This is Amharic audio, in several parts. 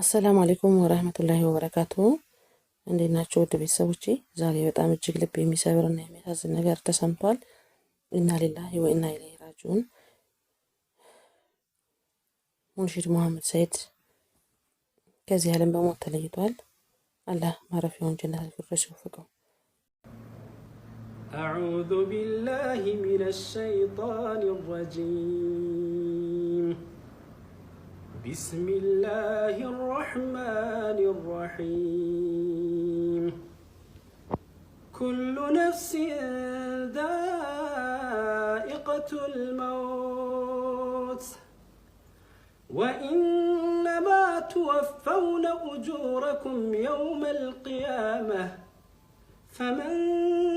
አሰላሙ አሌይኩም ወረህመቱላሂ ወበረካቱ እንዴት ናቸው? ውድ ቤተሰቦቼ፣ ዛሬ በጣም እጅግ ልብ የሚሰብርና የሚያሳዝን ነገር ተሰምቷል። ኢና ሊላሂ ወኢና ኢለይሂ ራጂዑን ሙንሺድ ሙሀመድ ሰኢድ ከዚህ ዓለም በሞት ተለይቷል። አላህ ማረፊያውን ጀነት አልፊርደውስ ይወፍቀው። አዑዙ ቢላሂ ሚነ ሸይጣኒ ረጂም بسم الله الرحمن الرحيم كل نفس ذائقة الموت وإنما توفون أجوركم يوم القيامة فمن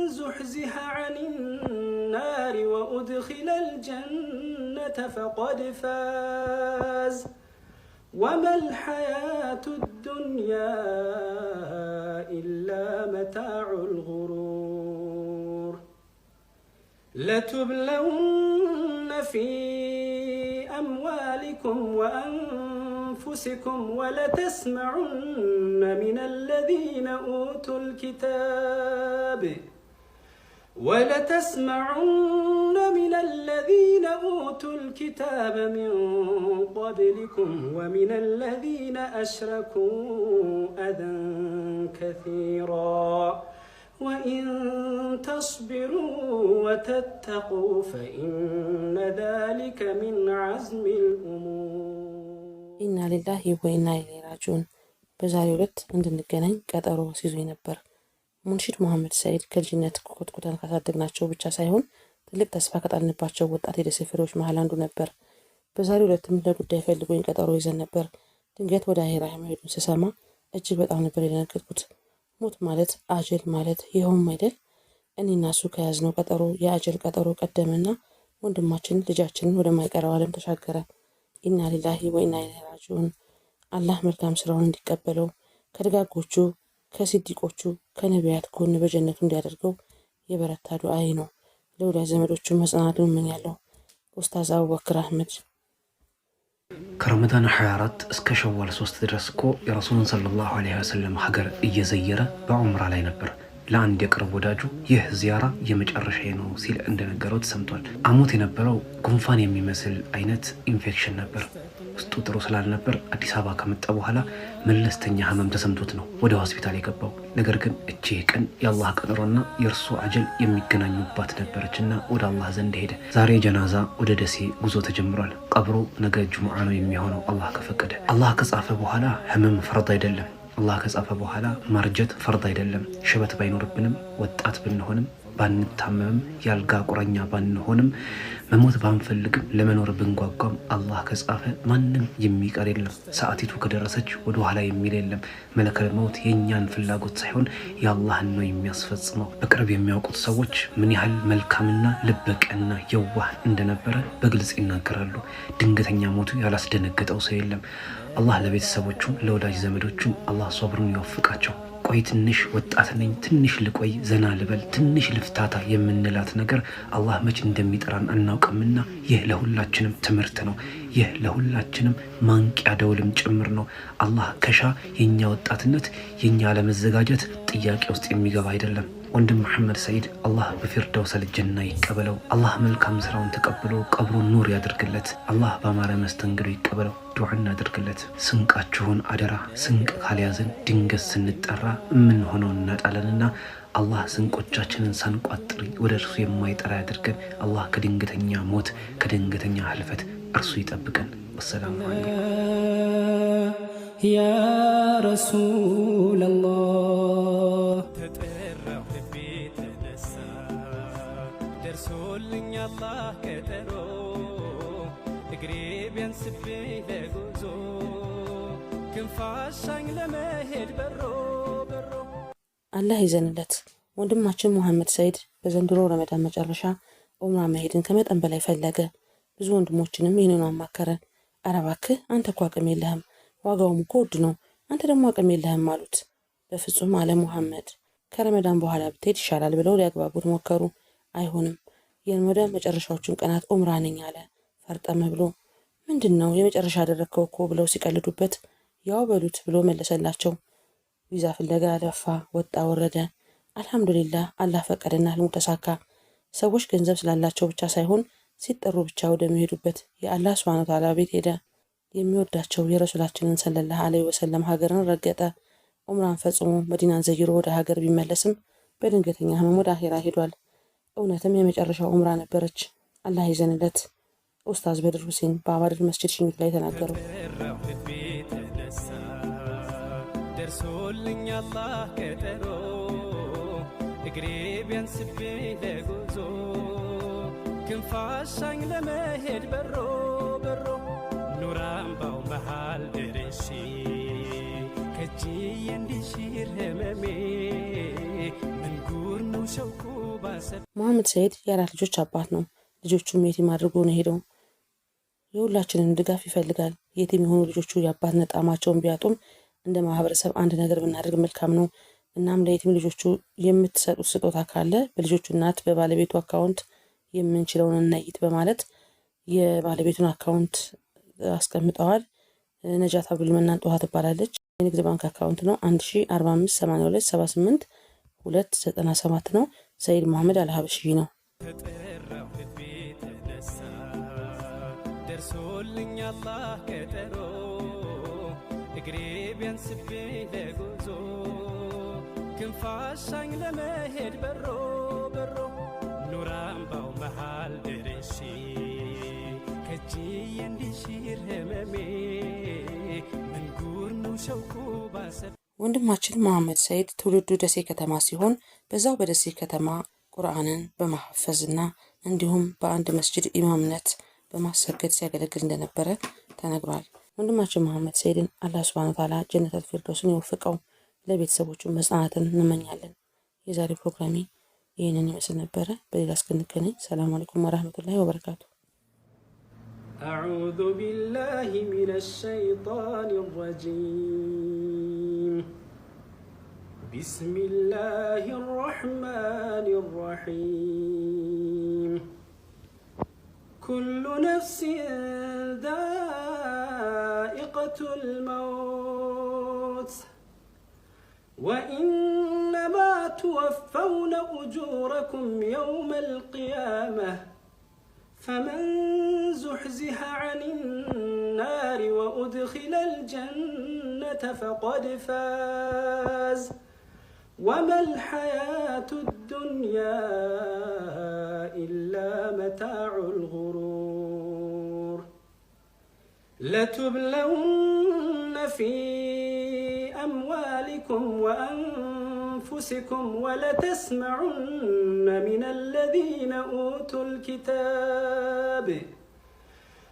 زحزح عن النار وأدخل الجنة فقد فاز وما الحياة الدنيا إلا متاع الغرور لتبلون في أموالكم وأنفسكم ولتسمعن من الذين أوتوا الكتاب ولتسمعن إلى الذين أوتوا الكتاب من قبلكم ومن الذين أشركوا أذى كثيرا وإن تصبروا وتتقوا فإن ذلك من عزم الأمور إنا لله وإنا إليه راجعون قد قد قد قد قد قد قد قد قد قد قد قد قد ሳይሆን ትልቅ ተስፋ ከጣልንባቸው ወጣት የደሴ ፍሬዎች መሀል አንዱ ነበር። በዛሬ ሁለትም ለጉዳይ ፈልጎኝ ቀጠሮ ይዘን ነበር። ድንገት ወደ አሄራ መሄዱን ስሰማ እጅግ በጣም ነበር የደነገጥኩት። ሞት ማለት አጀል ማለት ይኸውም አይደል? እኔና እሱ ከያዝነው ቀጠሮ የአጀል ቀጠሮ ቀደመና ወንድማችን ልጃችንን ወደማይቀረው ዓለም ተሻገረ። ኢና ሊላሂ ወኢና ኢለይሂ ራጂዑን። አላህ መልካም ስራውን እንዲቀበለው ከደጋጎቹ ከሲዲቆቹ ከነቢያት ጎን በጀነቱ እንዲያደርገው የበረታ አይ ነው። ለወዳጅ ዘመዶቹ መጽናናቱን ምን ያለው ኡስታዝ አቡበክር አህመድ ከረመዳን 24 እስከ ሸዋል ሶስት ድረስ እኮ የረሱሉን ሰለላሁ ዐለይሂ ወሰለም ሀገር እየዘየረ በዑምራ ላይ ነበር። ለአንድ የቅርብ ወዳጁ ይህ ዚያራ የመጨረሻ ነው ሲል እንደነገረው ተሰምቷል። አሞት የነበረው ጉንፋን የሚመስል አይነት ኢንፌክሽን ነበር። ውስጡ ጥሩ ስላልነበር አዲስ አበባ ከመጣ በኋላ መለስተኛ ህመም ተሰምቶት ነው ወደ ሆስፒታል የገባው። ነገር ግን እቺ ቀን የአላህ ቀጠሮና የእርሱ አጀል የሚገናኙባት ነበረች ወደ አላህ ዘንድ ሄደ። ዛሬ ጀናዛ ወደ ደሴ ጉዞ ተጀምሯል። ቀብሩ ነገ ጅሙዓ ነው የሚሆነው አላህ ከፈቀደ። አላህ ከጻፈ በኋላ ህመም ፈረድ አይደለም አላህ ከጻፈ በኋላ ማርጀት ፈርድ አይደለም። ሽበት ባይኖርብንም ወጣት ብንሆንም ባንታመምም ያልጋ ቁረኛ ባንሆንም መሞት ባንፈልግም ለመኖር ብንጓጓም አላህ ከጻፈ ማንም የሚቀር የለም። ሰዓቲቱ ከደረሰች ወደ ኋላ የሚል የለም። መለከል መውት የእኛን ፍላጎት ሳይሆን የአላህን ነው የሚያስፈጽመው። በቅርብ የሚያውቁት ሰዎች ምን ያህል መልካምና ልበቀና የዋህ እንደነበረ በግልጽ ይናገራሉ። ድንገተኛ ሞቱ ያላስደነገጠው ሰው የለም። አላህ ለቤተሰቦቹም ለወዳጅ ዘመዶቹም አላህ ሶብሩን ይወፍቃቸው። ቆይ ትንሽ ወጣት ነኝ፣ ትንሽ ልቆይ፣ ዘና ልበል፣ ትንሽ ልፍታታ የምንላት ነገር አላህ መች እንደሚጠራን አናውቅምና ይህ ለሁላችንም ትምህርት ነው። ይህ ለሁላችንም ማንቂያ ደውልም ጭምር ነው። አላህ ከሻ የእኛ ወጣትነት የእኛ አለመዘጋጀት ጥያቄ ውስጥ የሚገባ አይደለም። ወንድም መሐመድ ሰይድ አላህ በፊርደውሰል ጀና ይቀበለው። አላህ መልካም ስራውን ተቀብሎ ቀብሩን ኑር ያድርግለት። አላህ በአማረ መስተንግዶ ይቀበለው። ዱዓ እናድርግለት። ስንቃችሁን አደራ። ስንቅ ካልያዘን ድንገት ስንጠራ ሆነው እናጣለንና አላህ ስንቆቻችንን ሳንቋጥሪ ወደ እርሱ የማይጠራ ያድርገን። አላህ ከድንገተኛ ሞት ከድንገተኛ ህልፈት እርሱ ይጠብቀን። ወሰላሙ አለይኩም ያ ረሱላላህ የአላህ ቀጠሮ እግሬ ቢያንስብኝ ለጉዞ ክንፋሻኝ ለመሄድ በሮ በሮ አላህ ይዘንለት። ወንድማችን ሙሐመድ ሰይድ በዘንድሮ ረመዳን መጨረሻ ኡምራ መሄድን ከመጠን በላይ ፈለገ። ብዙ ወንድሞችንም ይህንኑ አማከረ። ኧረ እባክህ አንተ እኮ አቅም የለህም፣ ዋጋውም እኮ ውድ ነው፣ አንተ ደግሞ አቅም የለህም አሉት። በፍጹም አለ ሙሐመድ፣ ከረመዳን በኋላ ብትሄድ ይሻላል ብለው ሊያግባቡት ሞከሩ። አይሆንም ወደ መጨረሻዎቹን ቀናት ኡምራ ነኝ አለ። ፈርጠም ብሎ ምንድን ነው የመጨረሻ ያደረግከው እኮ ብለው ሲቀልዱበት ያው በሉት ብሎ መለሰላቸው። ቪዛ ፍለጋ ለፋ፣ ወጣ ወረደ። አልሐምዱሊላህ አላህ ፈቀደና ህልሙ ተሳካ። ሰዎች ገንዘብ ስላላቸው ብቻ ሳይሆን ሲጠሩ ብቻ ወደሚሄዱበት የአላህ ስብሃነ ወተዓላ ቤት ሄደ። የሚወዳቸው የረሱላችንን ሰለላህ አለይ ወሰለም ሀገርን ረገጠ። ኡምራን ፈጽሞ መዲናን ዘይሮ ወደ ሀገር ቢመለስም በድንገተኛ ህመም ወደ አሄራ ሄዷል። እውነትም የመጨረሻው ዑምራ ነበረች። አላህ ይዘንለት። ኡስታዝ በድር ሁሴን በአባድር መስጅድ ሽኝት ላይ ተናገረው። ደርሶልኝ አላህ ቀጠሮ እግሬ ቢያንስብኝ ለጉዞ ክንፋሻኝ ለመሄድ በሮ በሮ ኑራምባው መሃል ደረሽ ከጅ እንዲሽር ህመሜ መሐመድ ሰይድ የአራት ልጆች አባት ነው። ልጆቹም የቲም አድርጎ ነው ሄደው። የሁላችንም ድጋፍ ይፈልጋል። የቲም የሆኑ ልጆቹ የአባትነት ጣዕማቸውን ቢያጡም እንደ ማህበረሰብ አንድ ነገር ብናደርግ መልካም ነው። እናም ለየቲም ልጆቹ የምትሰጡት ስጦታ ካለ በልጆቹ እናት በባለቤቱ አካውንት የምንችለውን እናይት በማለት የባለቤቱን አካውንት አስቀምጠዋል። ነጃት አብዱልመናን ጦሃ ትባላለች። የንግድ ባንክ አካውንት ነው 1 ስምንት ولت ستنا سماتنا سيد محمد على هابشينا شوكو باسر ወንድማችን መሐመድ ሰይድ ትውልዱ ደሴ ከተማ ሲሆን በዛው በደሴ ከተማ ቁርአንን በማሐፈዝና እንዲሁም በአንድ መስጅድ ኢማምነት በማሰገድ ሲያገለግል እንደነበረ ተነግሯል። ወንድማችን መሐመድ ሰይድን አላህ ሱብሃነ ወተዓላ ጀነተል ፊርደውስን ይወፍቀው፣ ለቤተሰቦቹ መጽናናትን እንመኛለን። የዛሬው ፕሮግራሜ ይህንን ይመስል ነበረ። በሌላ እስክንገናኝ ሰላም አለይኩም ወረህመቱላሂ ወበረካቱ። أعوذ بالله من الشيطان الرجيم بسم الله الرحمن الرحيم كل نفس ذائقة الموت وإنما توفون أجوركم يوم القيامة فمن زحزح عن النار وأدخل الجنة فقد فاز وما الحياة الدنيا إلا متاع الغرور لتبلون في أموالكم وأنفسكم ولتسمعن من الذين أوتوا الكتاب